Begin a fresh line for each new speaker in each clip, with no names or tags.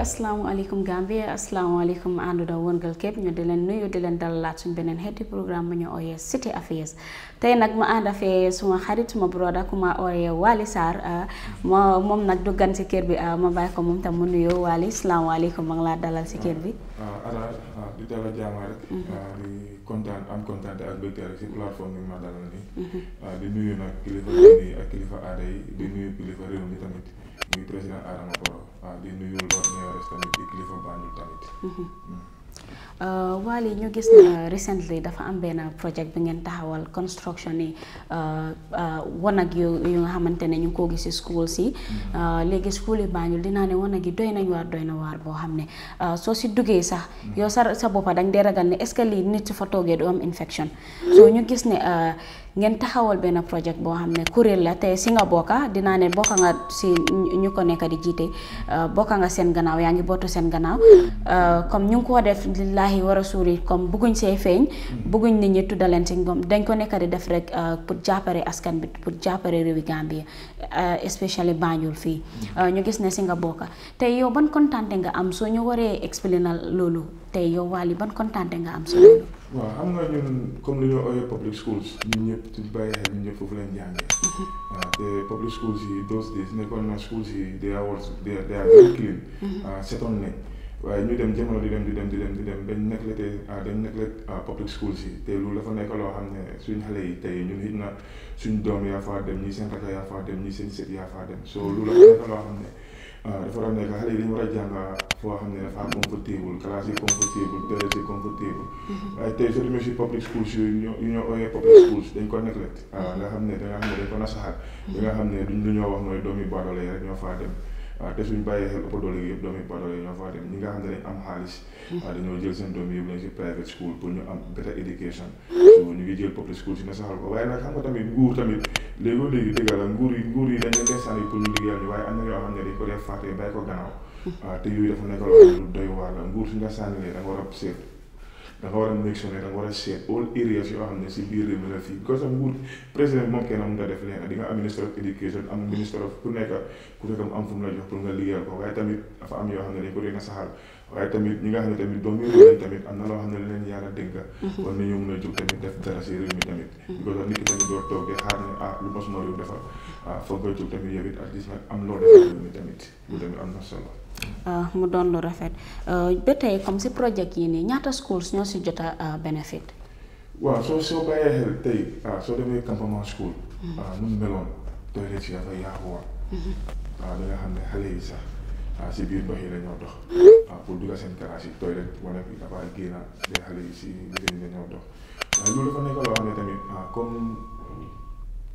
Assalamualaikum Gambia andu da wongal kep ñu di len nuyu di dal la ci benen xeeti programme bu ñu ooyee City Affairs tay nak ma and afee suma xarit suma broda kuma ma ooyee Wally mom nak du gan ci kër bi ma bay ko mom tam mu nuyoo Wally asalaamaaleykum ma ngi dalal ci kër bi.
Ah, ah, ah, di dalal jaamaa rek. Mm-hmm. di content am content ak bëgg rek si plateforme ñu ma dalal ni mm-hmm. di nuyu nak kilifa ni ak kilifa ade di nuyu kilifa réew mi tamit ni president Adama ko waaw di nuyu Lodnérès mm-hmm.
mm. euh, ñu gis na recently dafa am benn project bi ngeen taxawal construction yi euh, euh, wanag yu yu nga xamante ne ñu ngi koo gis si school si mm-hmm. léegi school yi Banjul dinaa ne wanag yi doy nañ waar doy na waar boo xam ne soo si duggee sax mm-hmm. yow sa sa boppa dañ dee ragal ne est-ce que lii nit su fa toogee du am infection soo ñu gis ne ngeen taxawal benn projet boo xam ne kuréel la tey si nga bokka dinaa ne bokka nga si ñu ko nekk di jiite euh, bokka nga seen gannaaw yaa ngi bootu seen gannaaw euh, comme ñu ngi ko def lillaahi wa rasuuli comme bugguñ see feeñ bugguñ nit ñi tuddaleen si ngoom dañ ko nekk di def rek euh, pour jàppale askan bi pour jàppale réewi Gambie especially Banjul fii ñu gis ne si nga bokka tey yow ban kontaante nga am soo ñu waree expliquer na loolu tey yow Wally ban kontaante nga am soo
waaw xam nga ñun comme li ñoo ooyee public schools ñun ñëpp suñ bàyyi xel ñëpp foofu lañ jàngee waaw te public schools yi those days nekkoon na schools yi they are also they are they are very mm-hmm. clean mm-hmm. ah, setoon nañ waaye ñu dem jamono di dem di dem di dem di dem dañ neglect ah, dañ ah, public schools yi te loolu dafa nekk loo xam ne suñ xale yi tey ñun xëy na suñ doom yaa faa dem ñii seen rakk yaa faa dem ñii seen sët yaa faa dem so loolu dafa nekk loo xam ne waaw dafa war a nekk xale yi dañu war a jàng foo xam ne dafa comfortable classe yi comfortable période yi comfortable. Mhm. waaye tey soo demee si public schools yu ñoo ooyee public schools dañ ko neglect. Mhm. waaw nga xam ne da nga xam ne dañ ko nasaxaat. bi mhm. xam ne duñ lu wax mooy doomi baadoolo yi rek ñoo faa dem. waaw te suñ bàyyee xel ëpp doole yëpp doomi badoole yi ñoo faa dem ñi nga xam ne dañ am xaalis hmm. waaw dañoo jël seen doom yi yóbbu leen si private school pour ñu am better education hmm. so ñu ngi jël public school si na saxal ko waaye nag xam nga tamit nguur tamit léegoo léegi dëgg la nguur yi nguur yi dañ leen koy sànni pour ñu liggéeyal ñu waaye am na ñoo xam ne dañ ko def fàtte bàyyi ko gannaaw hmm. waaw te yooyu dafa nekk loo ne doy waar la nguur suñ nga sànni da nga war a da war a make sure ne da nga war a seet all areas yoo xam ne si biir réew mi la fii because of nguur président moom kenn mënut a def leen di nga am ministre of education am ministre of ku nekk ku nekk am fu mu la jox pour nga liggéeyal ko am ne dañ ko dee na saxal tamit ñi nga xam ne tamit doom yi lañ tamit am na loo xam ne leen yàlla dénka kon nañoo mën a jóg tamit def dara si réew mi tamit because of nit ki tamit doo toog de xaar ne ah lu ma suma réew defal ah nga jóg tamit yow at least nag am loo defal am na solo
Eh, mu doon lu rafet eh, ba tey ya, comme si project yi nii ñaata schools ñoo si jot a eh, benefit.
waaw soo soo bàyyee xel tey soo demee campement school. nu mu meloon toilet yi dafa yaaxu woon. ah da nga xam ne xale yi sax ah si biir ndox yi la ñoo dox. pour dugg seen classe yi toilet wala bi dafa génn les xale yi si mbir yi ñoo dox waaye loolu dafa nekk loo xam hmm? ne tamit ah comme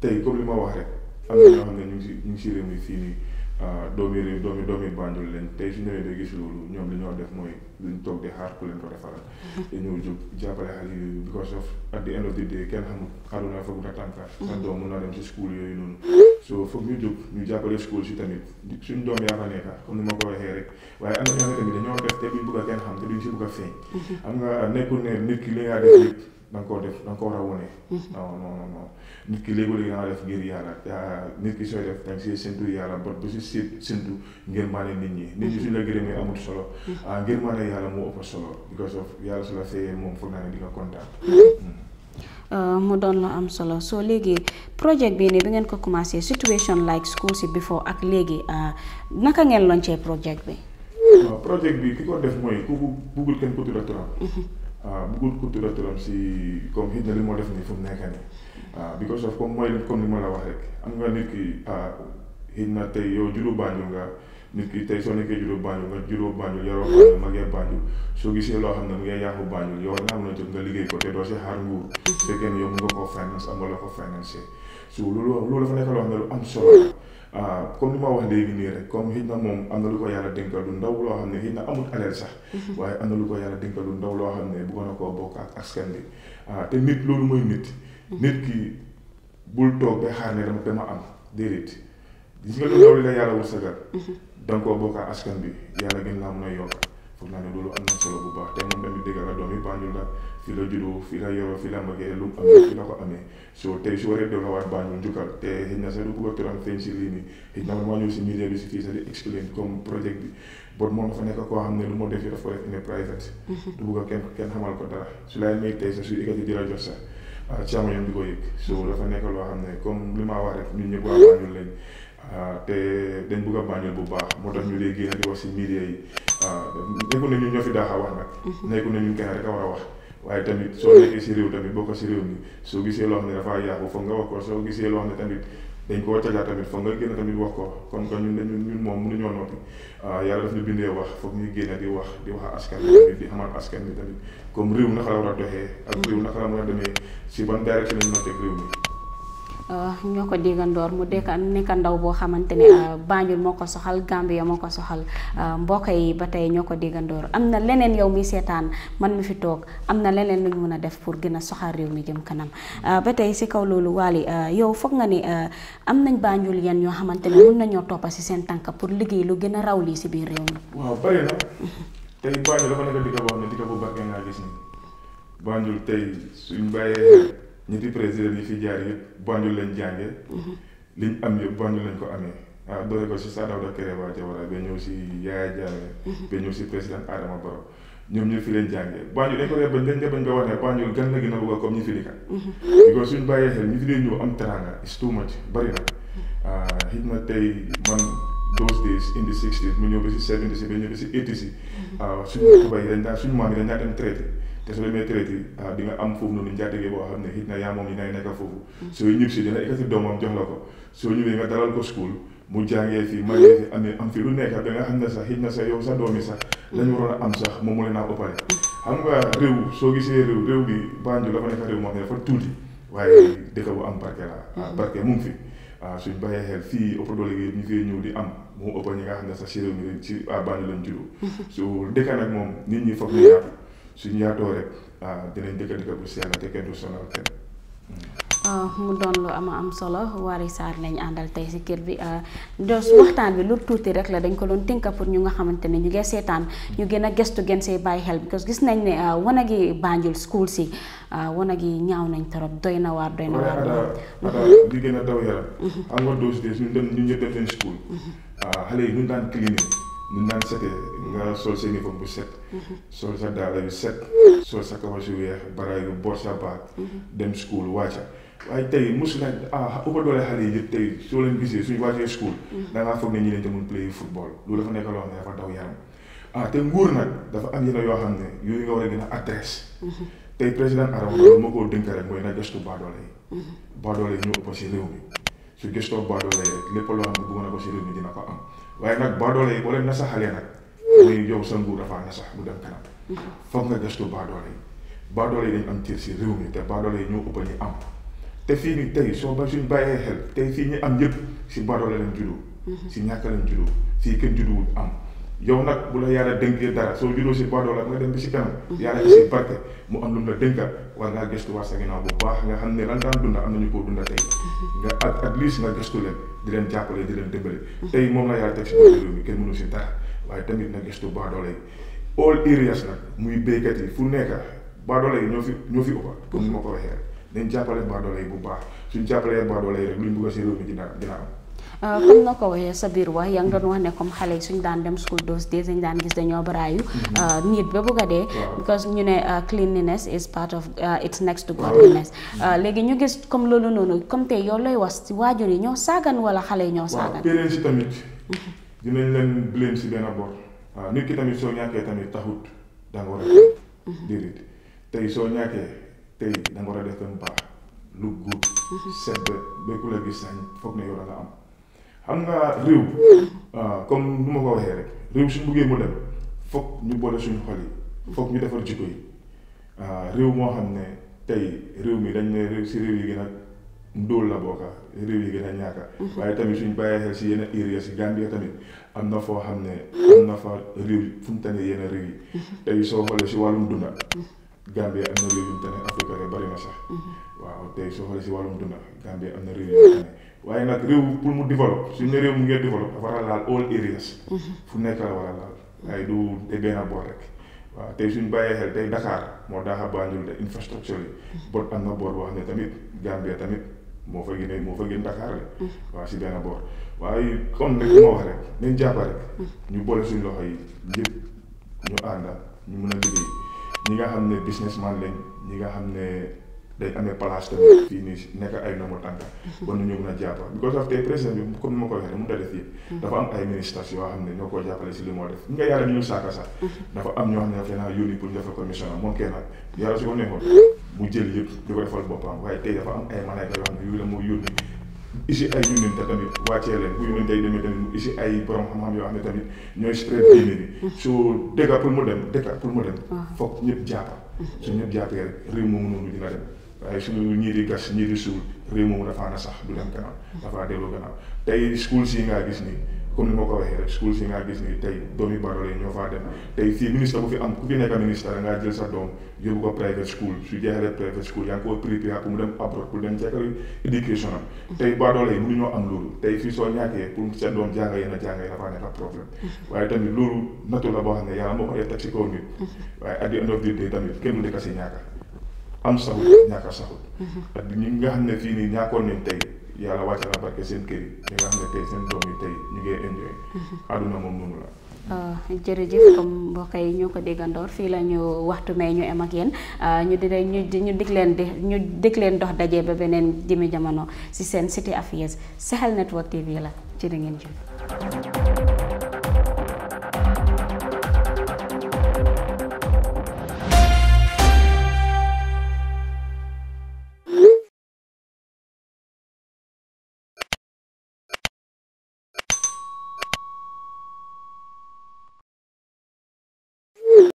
tey comme li ma wax rek. am na ñoo xam ne ñu ngi si ñu ngi si réew mi fii nii. Euh, doomi réew doomi doomi Banjul leen tey su ñëwee day gis loolu ñoom li ñoo def mooy luñ toog di xaar ku leen ko defaral. dañoo jóg jàppale xale yooyu because of at the end of the day kenn xamul àdduna foog nga mm-hmm. sa doom mun naa dem yooyu noonu. Mm-hmm. so foog ñu jóg ñu jàppale school si tamit suñ doom yaa fa nekka comme ni ma ko waxee rek waaye am na ñoo xam ne tamit dañoo def te duñ bëgg a kenn xam te duñ si bëgg feeñ. Mm-hmm. am nga nekkul ne nit ki li nga def da nga koo def da nga ko war a wone. Mhm. non non non nit ki léegi-léegi da nga def ngir yàlla nit ki sooy def da nga siy séntu yàlla ba ba si si séntu ngir maane nit ñi. nit ñi mhm. suñ la gërëmee amul solo. Mhm. Ah, ngir maane yàlla moo ëpp solo because of yàlla su la fayee moom foog naa ne di nga kontaan.
Ah, mu doon la am solo So léegi project bii nii bi ngeen ko commencé situation like school si before ak léegi ah, naka ngeen lancé project bi.
waaw projet bi ki ko def mooy ku buggul kenn ku tudd waaw ah, bëggul ku turam turam si comme xëy na li moo def nii fu mu nekk nii ah, of comme mooy comme ni ma la wax nit ki ah, xëy na tey yow juróom Banjul nga nit ki tey soo nekkee juróom Banjul nga juróom Banjul yaroo Banjul mm-hmm. magee Banjul soo gisee loo xam ne mu ngi yàqu Banjul yow nga am na jot nga liggéey ko te doo si xaar nguur mm-hmm. fekkee ne yow mun nga koo finance so loolu loolu dafa nekk loo xam ne lu am ah comme li ma wax léegi nii rek comme xëy na moom am na lu ko yàlla dénkal lu ndaw loo xam ne xëy na amul alal sax. Mhm. waaye am na lu ko yàlla dénkal lu ndaw loo xam ne bëggoon na koo bokk ak askan bi ah, te nit loolu mooy nit. Mhm. nit ki bul toog ba xaar ne dama dama am déedéet. gis nga lu ndaw yàlla wërsëgal. Mhm. da nga koo ak askan bi yàlla gën laa mun a yokk. foog naa ne loolu am na solo bu baax te moom tamit dégg nga doom yi Banjul la fi la juddoo fi la yoroo fi la magee lu am fi la ko amee so tey su waree doon waat Banjul njukkal te xëy na sax du bëgg a turam si lii nii xëy na maa ñëw si musée si fii sax di explain comme projet bi bon moom dafa nekk koo xam ne lu moo def daf ko def private mhm. du bëgg a kenn kenn xamal ko dara su lay may tey sax su yëkkati di la jox sax ah, càmmoñam di ko yëg so dafa ne comme li maa wax rek Ah, te dañ bëgg a bu baax moo tax ñu dee génn di wax si media yi ah, nekkul ne ñu ñoo fi daax a wax nag. Mhm. nekkul ne ñun kenn rek a war a wax. waaye tamit soo nekkee si réew tamit bokk si réew mi soo gisee loo xam ne dafa yàqu foog nga wax ko soo gisee loo xam ne tamit dañ koo caja tamit foog nga génn ko kon kon moom mënuñoo noppi ah, yàlla daf wax foog ñuy di wax di wax askan bi tamit di askan bi tamit comme réew naka la war a doxee. ak réew naka la mën a demee si ban direction lañ mën a teg réew mi.
Euh, ñoo ko déggandoor mu dekk nekk ndaw boo xamante ne mm. euh, Banjul moo ko soxal Gambia moo ko soxal euh, mbokk yi ba tey ñoo ko déggandoor am na leneen yow mi seetaan man mi fi toog am na leneen lu mën a def pour gën a soxal mi jëm kanam ba tey si kaw loolu Wally yow foog nga ne am nañ Banjul yan ñoo xamante ne mun nañoo toppa si seen tànk pour liggéey lu gën a raw lii si biir réew
mi. Mm-hmm. Banjul tey suñ bàyyee ñu di président yi fi jaar yëpp Banjul lañ jànge mhm. liñ am yëpp Banjul lañ ko amee ah doore ko si Sir Dawda Kairaba Jawara ba ñëw si Yaya Jammeh mhm. ba ñëw si président Adama Barrow ñoom ñoo fi leen jàngee Banjul dañ ko def bañ dañ def bañ ba wax ne Banjul gan la gën a bëgg comme ñu fi di kat mhm. because suñ bàyyee xel ñu fi dee ñëw am teranga it's too much bari na xëy na ah, tey man those days in the sixties mu ñëw ba si seventies ba ñëw ba si eighties yi ah, suñu tubaab yi dañ daan te su demee traité ah, di nga am foofu noonu njaatige boo xam ne xit na yaa moom yi nay nekk foofu soo ñib si jox la ko soo ñëwee nga dalal ko school mu jàngee fii magee fi amee sax xit na sax yow sa doom yi sax lañu waroon a am sax moom mu a soo gisee réew bi Banjul dafa nekk réew moo waaye dëkk bu am barke la ah, barke mu ngi fi waaw ah, suñ bàyyee xel fii ñëw di am moo ëpp ñi nga xam ne sax si réew mi ci Banjul lañ nag moom nit ñi foog ñu yaatu suñu yaatoo rek ah, dinañ dëkk-dëkk bu sell te kenn du kenn.
Ah, mu doon lu ama am solo Wari Sarr lañ àndal tey si kër bi dos ah, waxtaan bi lu tuuti rek la dañ ko doon tënka pour ñu nga xamante ne ñu ngi seetaan ñu gën a gëstu gën see bàyyi xel because gis nañ ne wanag yi Banjul school si wanag yi ñaaw nañ torop doy na waar doy na waar. waaye li mhm.
gën a daw yaram. Mhm. am nga dos des ñun dañ ñu dem leen school. xale yi ñu daan cleaning nan naan sete ya. nga sol seen uniforme bu set sol sa dala yu set sol sa kawas yu weex ya. bara yu bor sa baat dem school wacha waaye tey mosu nañ ah ëpp doole xale yi yëpp tey soo leen gisee suñu wàccee school da nga foog ñi te mun play football loolu ah, dafa nekk loo xam ne dafa daw yaram ah te nguur nag dafa am yenn yu xam ne yu nga war a gën a adresse tey président arama moo ko dënk rek mooy na gëstu baadoole ba baadoole yi ñoo ko si réew mi su gëstoo baadoole yi lépp loo xam ne ko si réew mi dina ko am waaye nag baadoole yi boo leen nasaxalee nag muy yow sa nguur dafaa nasax mu dem kanam foog nga gëstu baadoole yi baadoole yi dañu am tiir si réew mi te baadoole yi ñoo ëpp ñu am te fii nii tey soo ba suñ bàyyee xel tey fii ñu am yëpp si baadoole lañ juddoo si mm-hmm. ñàkk lañ juddoo si kenn judduwul am yow nag bu la yàlla dénkee dara soo juddoo si badoo la nga dem bi si kanam mm-hmm. yàlla ko si barke mu am lu mu la dénkaat war ngaa gëstu war sa ginnaaw bu baax nga xam ne lan daan dunda am nañu koo dunda tey mm-hmm. nga ak ak nga gëstu leen di leen jàppale di leen dimbale mm-hmm. tey moom la yàlla teg si réew mi kenn mënu si dara waaye tamit na gëstu baadoole yi all areas nag muy béykat yi fu nekk baadoole yi ñoo fi ñoo fi bu baax suñ jàppalee baadoole yi rek
comme nako ko sa bir wax yang ngi doon wax ne comme xalé suñ daan dem school those days dañ daan gis dañoo baraayu niit ba bugg ga dé because ñu né eh, cleanliness is part of eh, it's next to godliness légui ñu gis comme lolu nonu comme té yow lay wax ci waajur yi ñoo sagan. wala xalé yi ñoo saagan parents
tamit dinañ leen blame si benn bor nit ki tamit so ñaké tamit taxut da nga wara a déedéet so ñaké ñàkkee da nga wara def lu baax lu gudd set ba ku la gis ne yow da nga am xam nga réew. Hmm. comme nu ma ko waxee rek réew suñ buggee mu dem foog ñu boole suñ xol yi. Hmm. foog ñu defar jikko yi ah, réew moo xam ne tey réew mii dañ ne réew si réew yi gën a ndóol la bokka réew yi gën a ñaaka. Hmm. waaye tamit suñ bàyyee xel si yenn area si Gambia tamit am na foo xam ne am na fa réew fu mu tane yenn réew yi. tey soo xoolee si wàllum dunda. Gambia amna na réew yu tane afrika rek bari na sax. Mhm. waaw tey so xoolee ci walum dund Gambia amna na réew yu mu tane waaye nag réew pour mu develop su ne réew mu ngi develop dafa la all areas. Mhm. fu nekk la wala a ay du te bena bor rek waaw tey suñu baye xel tey Dakar da ha Banjul de infrastructure yi. Mhm. bot am na boor ne tamit Gambia tamit mo fa gën mo fa gën Dakar de. waaw ci bena bor waaye kon nag mo wax rek ñu jàpp rek. ñu bolé suñu loxoy yépp ñu anda ñu mëna liggéey. ñi nga xam ne businessman lañ ñi nga xam ne dañ amee place tamit mm. fii nii nekk ay nombre tànka mm-hmm. war nañoo mën a jàppa because of tey président bi comme ni ma ko waxee ne mënut a def yëpp dafa am ay ministres yoo xam ne ñoo ko jàppale si li moo def ñu nga yàlla ñu saaka sax mm-hmm. dafa am ñoo xam ne dafa naa pour ñu defal commission moom kenn nag yàlla su ko neexoon mm-hmm. mu jël yëpp di ko defal boppam waaye tey dafa am ay manay yoo xam ne yu la mu isi ay yónnent tamit wàccee leen bu yónnent ay demee tamit mu isi ay borom xam-xam yoo xam ne tamit ñooy spread diine bi su dëkka pour mu dem dëkka pour mu dem ah. foog ñëpp jàppa su ñëpp jàppee rek moomu noonu dina dem waaye su ñii di gas ñii di suul moomu dafaa na sax du dem kanam dafaa dellu kanam tey schools yi ngaa gis nii comme ni ma ko waxee rek school si nga gis ni tey doomi Barrow ñoo faa dem tey fii ministre bu fi am ku fi nekk ministre ngaa jël sa doom yóbbu ko private school su jeexalee private school yaa ngi ko préparé pour mu dem abroad pour dem jàkkari éducation am tey loolu tey fii soo ñàkkee pour sa doom jànga yéen a jànga yéen a faa nekk problème mm-hmm. waaye tamit loolu nattu la boo xam ne yàlla moo ko def teg si kaw nit mm-hmm. waaye at the end of the day tamit kenn du dëkk si ñaaka am saxul mm-hmm. ñaaka saxul nga xam ne fii nii ñàkkoon yàlla wàcce na barke seen kër yi li nga xam ne tey seen doom yi tey ñu ngi enjoy mhm. moom noonu la
ah, jërëjëf comme mbokk yi ñoo ko déggandoor fii la ñu waxtu may ñu em ak yéen ah, ñu di ñu ñu dig leen di ñu dig leen dox daje ba beneen jëmi jamono si seen City Affairs sexel Network TV la jërë ngeen jëf